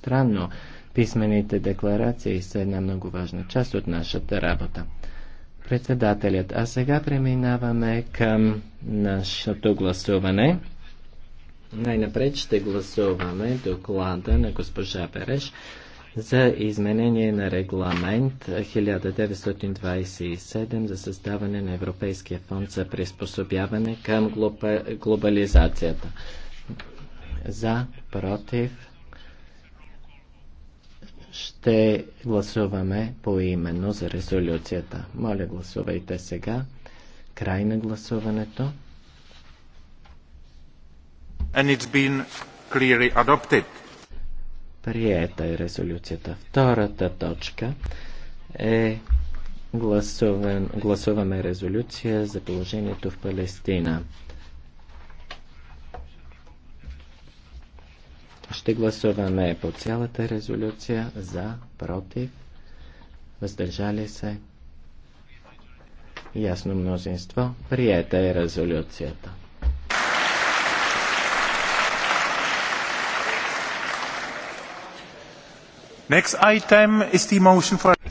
странно. Писмените декларации са една много важна част от нашата работа. Председателят, а сега преминаваме към нашето гласуване. Най-напред ще гласуваме доклада на госпожа Береш за изменение на регламент 1927 за създаване на Европейския фонд за приспособяване към глоба... глобализацията. За, против, ще гласуваме поименно за резолюцията. Моля, гласувайте сега. Край на гласуването. And it's been clearly adopted. Приета е резолюцията. Втората точка е гласуваме резолюция за положението в Палестина. Ще гласуваме по цялата резолюция за, против, въздържали се. Ясно мнозинство. Приета е резолюцията.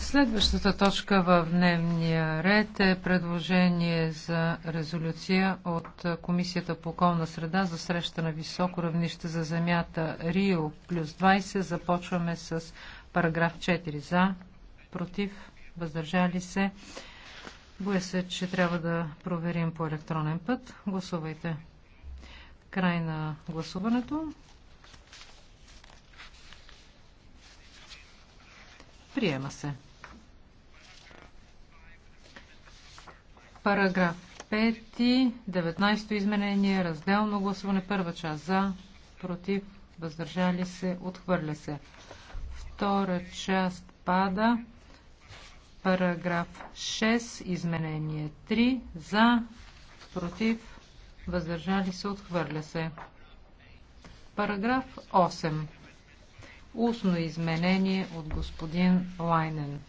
Следващата точка в дневния ред е предложение за резолюция от Комисията по околна среда за среща на високо равнище за земята Рио плюс 20. Започваме с параграф 4 за, против, въздържали се. Боя се, че трябва да проверим по електронен път. Гласувайте. Край на гласуването. Приема се. Параграф 5, 19 изменение, разделно гласуване, първа част за, против, въздържали се, отхвърля се. Втора част пада. Параграф 6, изменение 3, за, против, въздържали се, отхвърля се. Параграф 8 устно изменение от господин Лайнен,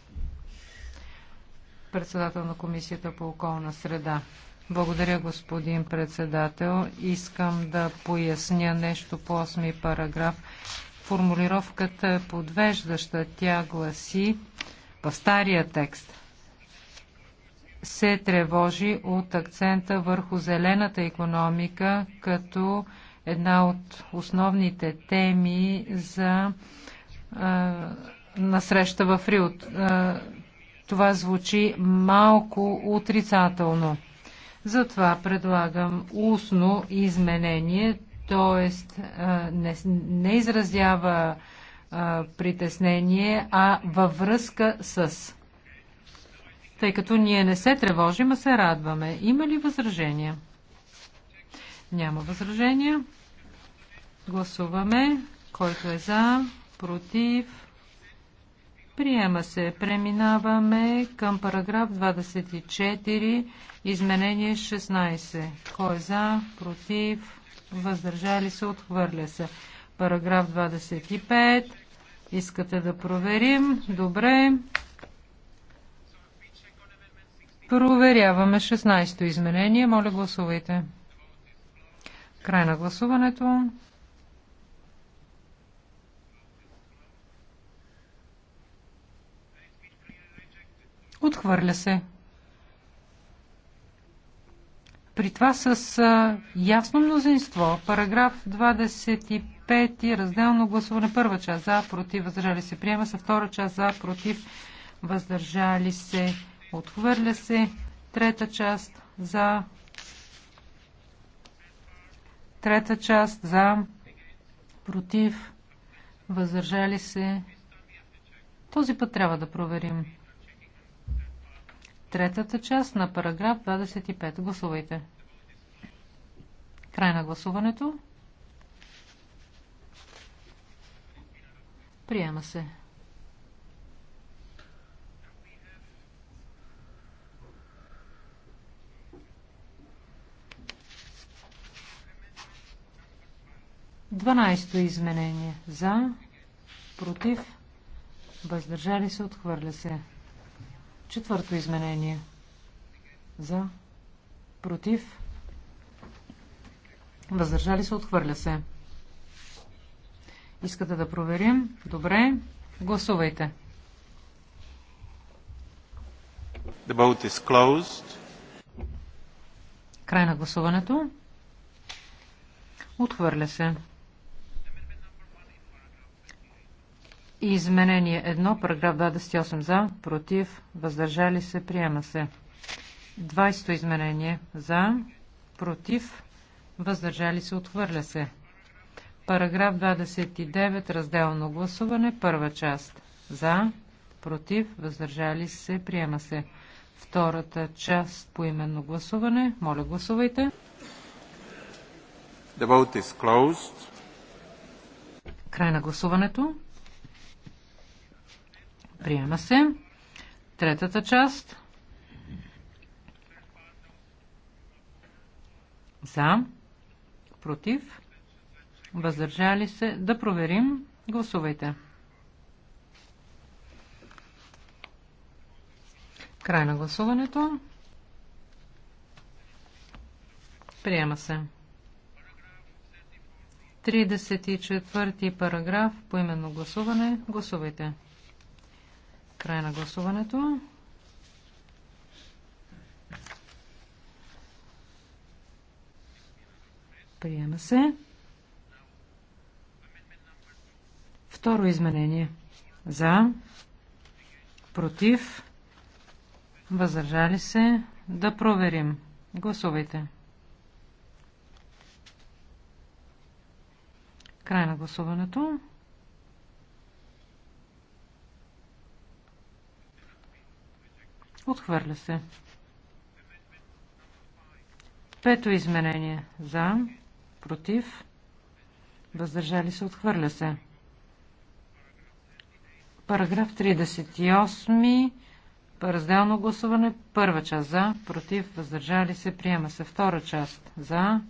председател на Комисията по околна среда. Благодаря, господин председател. Искам да поясня нещо по 8 параграф. Формулировката е подвеждаща. Тя гласи в стария текст се тревожи от акцента върху зелената економика като една от основните теми за а, насреща в Рио. Това звучи малко отрицателно. Затова предлагам устно изменение, т.е. Не, не изразява а, притеснение, а във връзка с. Тъй като ние не се тревожим, а се радваме. Има ли възражения? Няма възражения. Гласуваме. Който е за, против, приема се. Преминаваме към параграф 24, изменение 16. Кой е за, против, въздържали се, отхвърля се. Параграф 25. Искате да проверим? Добре. Проверяваме 16-то изменение. Моля, гласувайте. Край на гласуването. Отхвърля се. При това с а, ясно мнозинство, параграф 25, разделно гласуване, първа част за, против, въздържали се, приема се, втора част за, против, въздържали се, отхвърля се, трета част за, Трета част за, против, въздържали се. Този път трябва да проверим. Третата част на параграф 25. Гласувайте. Край на гласуването. Приема се. Дванайсто изменение. За, против, въздържали се, отхвърля се. Четвърто изменение. За, против, въздържали се, отхвърля се. Искате да проверим? Добре. Гласувайте. The vote is closed. Край на гласуването. Отхвърля се. Изменение 1, параграф 28 за, против, въздържали се, приема се. 20 изменение за, против, въздържали се, отхвърля се. Параграф 29, разделно гласуване, първа част. За, против, въздържали се, приема се. Втората част по именно гласуване. Моля, гласувайте. The vote is closed. Край на гласуването. Приема се. Третата част. За. Против. Въздържали се. Да проверим. Гласувайте. Край на гласуването. Приема се. 34 параграф по именно гласуване. Гласувайте. Край на гласуването. Приема се. Второ изменение. За. Против. Въздържали се. Да проверим. Гласувайте. Край на гласуването. Отхвърля се. Пето изменение. За. Против. Въздържали се. Отхвърля се. Параграф 38. Разделно гласуване. Първа част. За. Против. Въздържали се. Приема се. Втора част. За.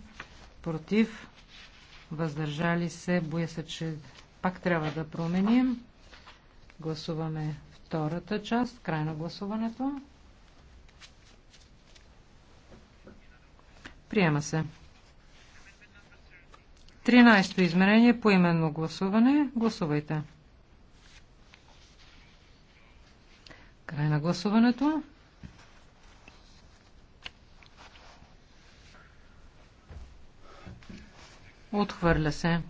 Против. Въздържали се. Боя се, че пак трябва да променим. Гласуваме втората част. Край на гласуването. Приема се. 13-то изменение по именно гласуване. Гласувайте. Край на гласуването. Отхвърля се.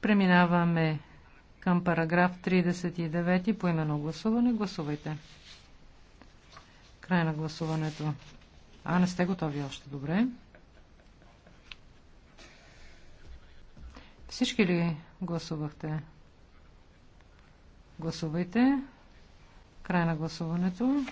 Преминаваме към параграф 39 по именно гласуване. Гласувайте. Край на гласуването. А, не сте готови още. Добре. Всички ли гласувахте? Гласувайте. Край на гласуването.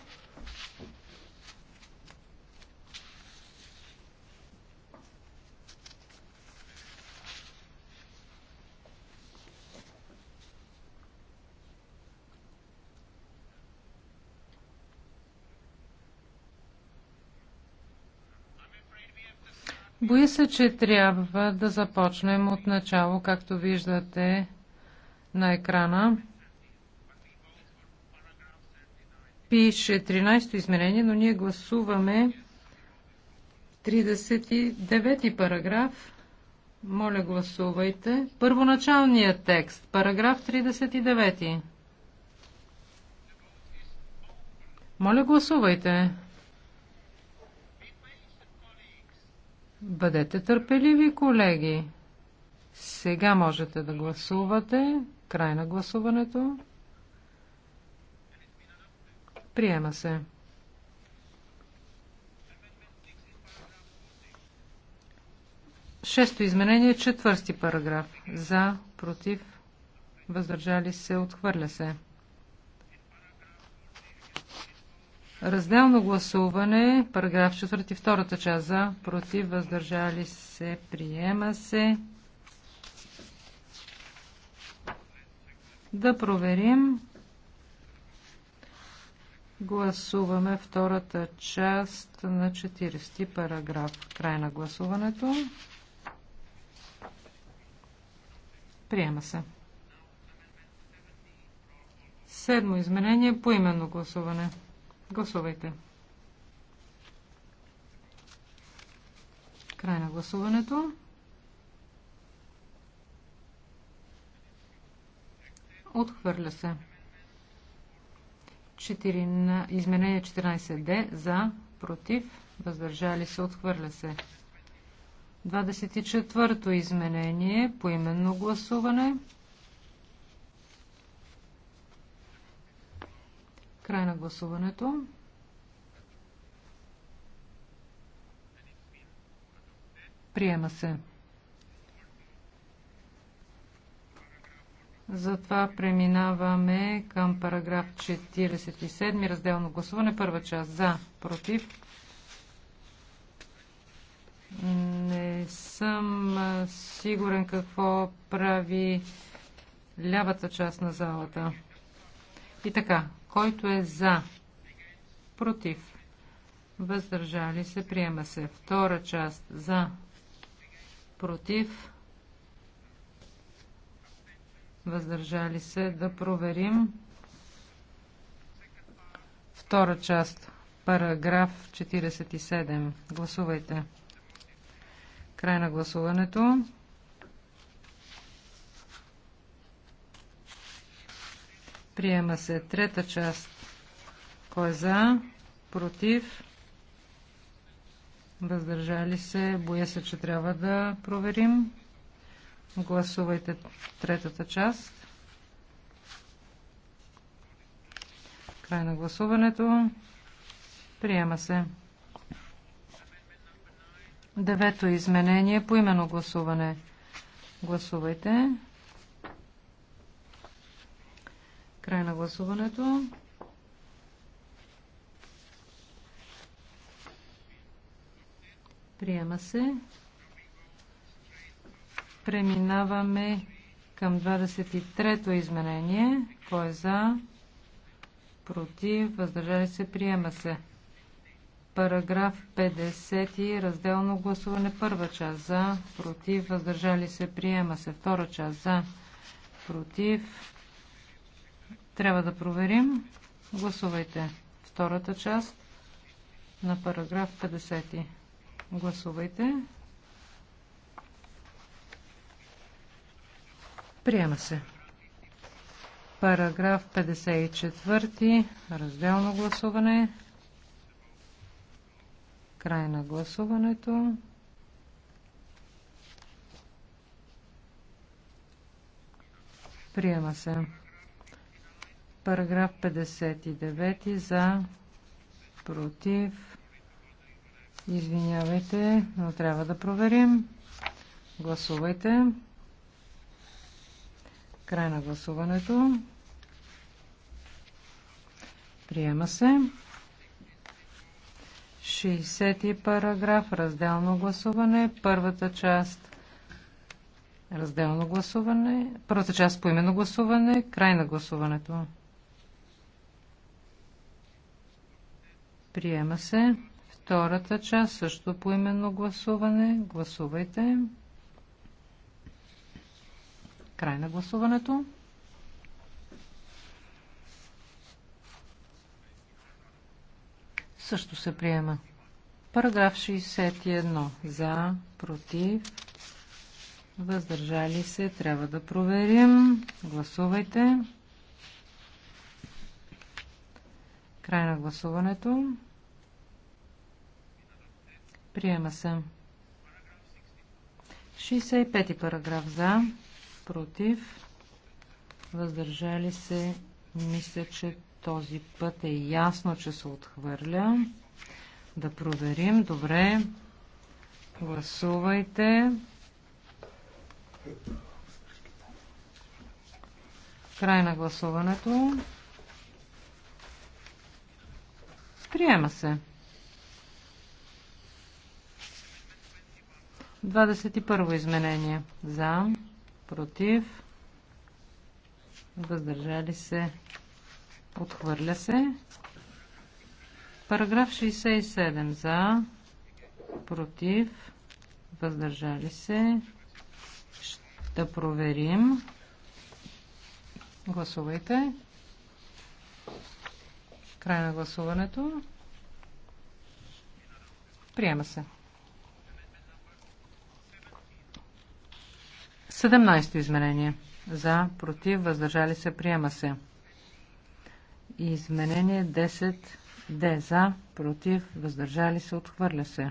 Боя се, че трябва да започнем от начало, както виждате на екрана. Пише 13-то изменение, но ние гласуваме 39-ти параграф. Моля, гласувайте. Първоначалният текст, параграф 39. Моля, гласувайте. Бъдете търпеливи, колеги. Сега можете да гласувате. Край на гласуването. Приема се. Шесто изменение, Четвърсти параграф. За, против, въздържали се, отхвърля се. Разделно гласуване, параграф 4, втората част за, против, въздържали се, приема се. Да проверим. Гласуваме втората част на 40 параграф. Край на гласуването. Приема се. Седмо изменение по именно гласуване. Гласувайте. Край на гласуването. Отхвърля се. 4, изменение 14D за, против, въздържали се, отхвърля се. 24-то изменение по именно гласуване. Край на гласуването. Приема се. Затова преминаваме към параграф 47, разделно гласуване. Първа част за, против. Не съм сигурен какво прави лявата част на залата. И така, който е за? Против. Въздържали се. Приема се. Втора част. За. Против. Въздържали се. Да проверим. Втора част. Параграф 47. Гласувайте. Край на гласуването. Приема се трета част. Кой е за? Против? Въздържали се? Боя се, че трябва да проверим. Гласувайте третата част. Край на гласуването. Приема се. Девето изменение по именно гласуване. Гласувайте. Край на гласуването. Приема се. Преминаваме към 23-то изменение. Кой е за? Против? Въздържали се? Приема се. Параграф 50. Разделно гласуване. Първа част за. Против? Въздържали се? Приема се. Втора част за. Против? Трябва да проверим. Гласувайте втората част на параграф 50. Гласувайте. Приема се. Параграф 54. Разделно гласуване. Край на гласуването. Приема се. Параграф 59 за, против. Извинявайте, но трябва да проверим. Гласувайте. Край на гласуването. Приема се. 60 параграф, разделно гласуване, първата част разделно гласуване, първата част по именно гласуване, край на гласуването. Приема се. Втората част също по именно гласуване. Гласувайте. Край на гласуването. Също се приема. Параграф 61. За, против, въздържали се. Трябва да проверим. Гласувайте. Край на гласуването. Приема се. 65 параграф за, против, въздържали се. Мисля, че този път е ясно, че се отхвърля. Да проверим. Добре. Гласувайте. Край на гласуването. Приема се. 21 изменение. За, против, въздържали се, отхвърля се. Параграф 67. За, против, въздържали се. Ще проверим. Гласувайте. Край на гласуването. Приема се. 17 изменение. За, против, въздържали се, приема се. Изменение 10 Д. За, против, въздържали се, отхвърля се.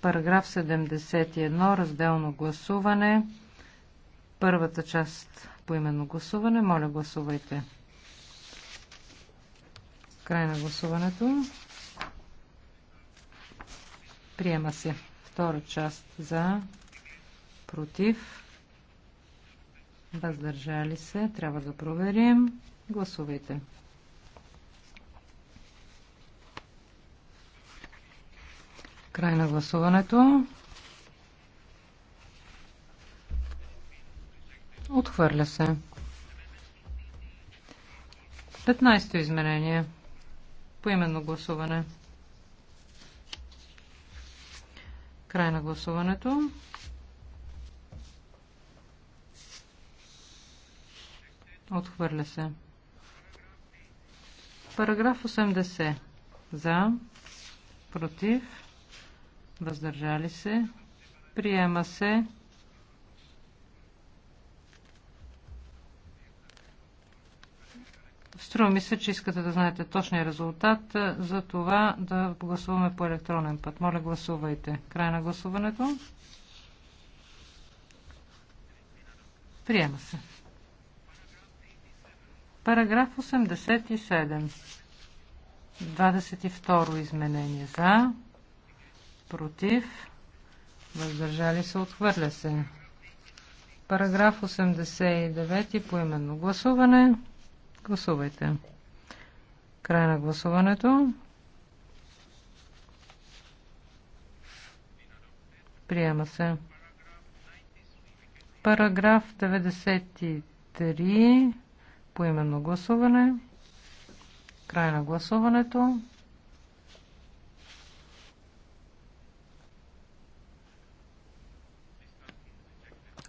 Параграф 71. Разделно гласуване. Първата част по именно гласуване. Моля, гласувайте. Край на гласуването. Приема се. Втора част за, против, въздържали се. Трябва да проверим. Гласувайте. Край на гласуването. Отхвърля се. 15-то изменение. Поименно гласуване. Край на гласуването. Отхвърля се. Параграф 80. За. Против. Въздържали се. Приема се. Струва ми се, че искате да знаете точния резултат, е, за това да гласуваме по електронен път. Моля, гласувайте. Край на гласуването. Приема се. Параграф 87. 22 изменение за, против, въздържали се, отхвърля се. Параграф 89 по именно гласуване. Гласувайте. Край на гласуването. Приема се. Параграф 93 Поименно гласуване. Край на гласуването.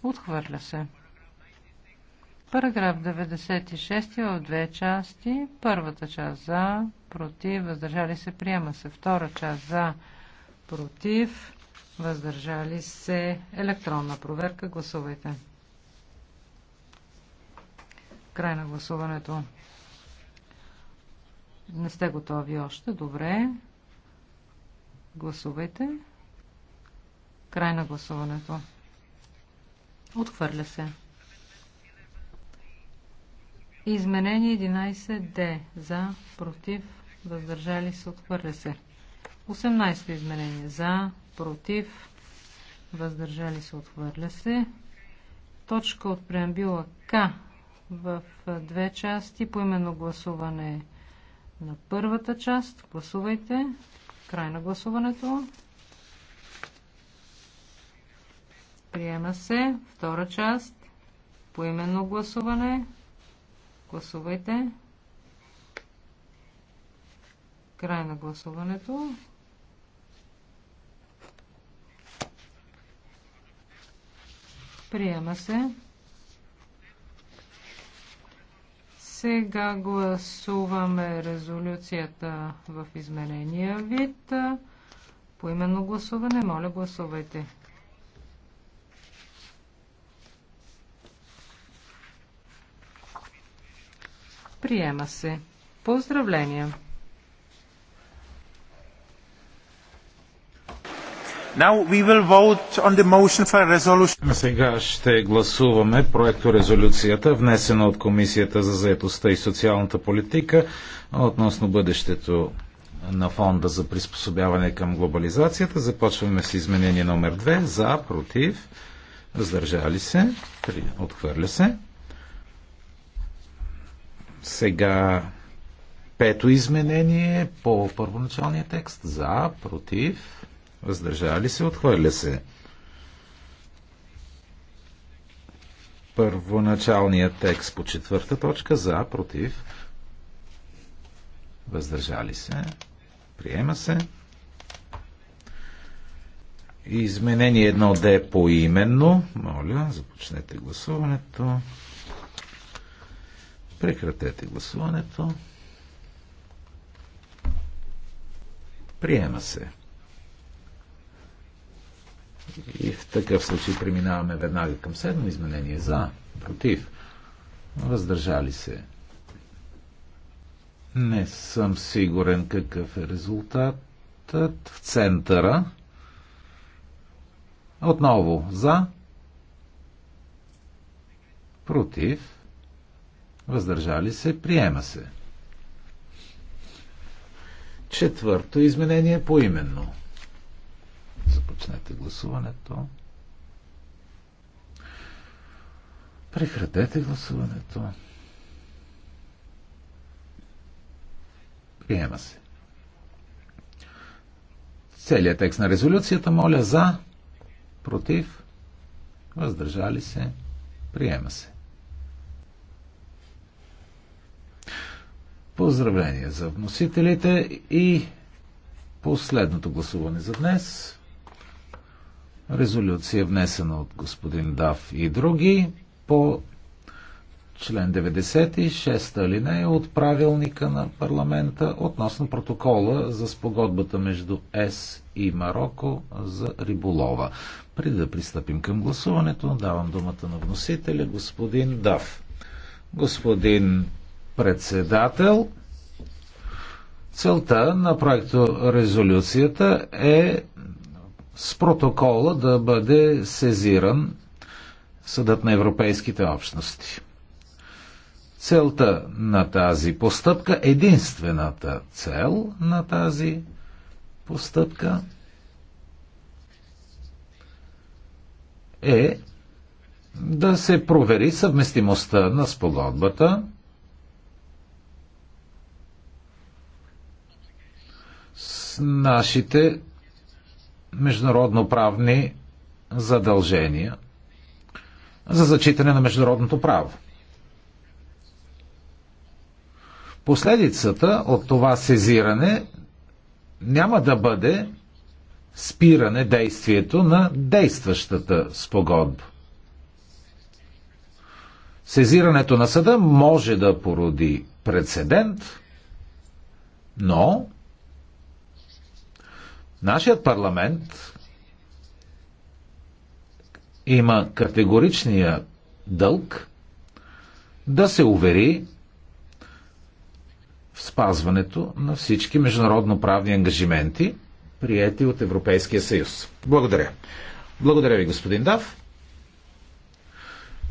Отхвърля се. Параграф 96 в две части. Първата част за, против, въздържали се, приема се. Втора част за, против, въздържали се. Електронна проверка. Гласувайте. Край на гласуването. Не сте готови още. Добре. Гласувайте. Край на гласуването. Отхвърля се. Изменение 11D. За, против, въздържали се, отхвърля се. 18 изменение. За, против, въздържали се, отхвърля се. Точка от преамбила К в две части. По именно гласуване на първата част. Гласувайте. Край на гласуването. Приема се. Втора част. По именно гласуване. Гласувайте. Край на гласуването. Приема се. Сега гласуваме резолюцията в изменения вид. По именно гласуване, моля гласувайте. Приема се. Поздравления! Сега ще гласуваме проекто резолюцията, внесена от Комисията за заедостта и социалната политика относно бъдещето на фонда за приспособяване към глобализацията. Започваме с изменение номер 2. За, против, въздържали се, отхвърля се. Сега пето изменение по първоначалния текст. За, против, въздържали се, отхвърля се. Първоначалният текст по четвърта точка за, против, въздържали се, приема се. Изменение 1D по именно. Моля, започнете гласуването. Прекратете гласуването. Приема се. И в такъв случай преминаваме веднага към седмо изменение. За, против, въздържали се. Не съм сигурен какъв е резултатът в центъра. Отново за, против, въздържали се, приема се. Четвърто изменение поименно. Започнете гласуването. Прекратете гласуването. Приема се. Целият текст на резолюцията моля за, против, въздържали се, приема се. Поздравления за вносителите и последното гласуване за днес резолюция, внесена от господин Дав и други по член 96 алинея от правилника на парламента относно протокола за спогодбата между ЕС и Марокко за риболова. Преди да пристъпим към гласуването, давам думата на вносителя господин Дав. Господин председател, целта на проекто резолюцията е с протокола да бъде сезиран Съдът на Европейските общности. Целта на тази постъпка, единствената цел на тази постъпка е да се провери съвместимостта на спогодбата с нашите международноправни задължения за зачитане на международното право. Последицата от това сезиране няма да бъде спиране действието на действащата спогодба. Сезирането на съда може да породи прецедент, но Нашият парламент има категоричния дълг да се увери в спазването на всички международно-правни ангажименти, приети от Европейския съюз. Благодаря. Благодаря ви, господин Дав.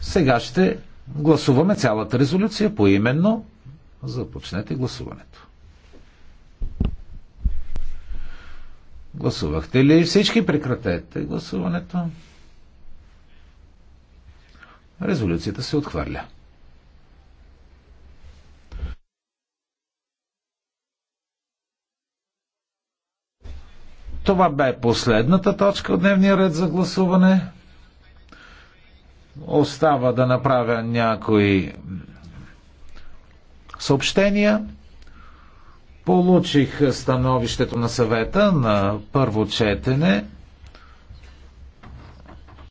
Сега ще гласуваме цялата резолюция поименно. Започнете гласуването. Гласувахте ли всички? Прекратете гласуването. Резолюцията се отхвърля. Това бе последната точка от дневния ред за гласуване. Остава да направя някои съобщения. Получих становището на съвета на първо четене.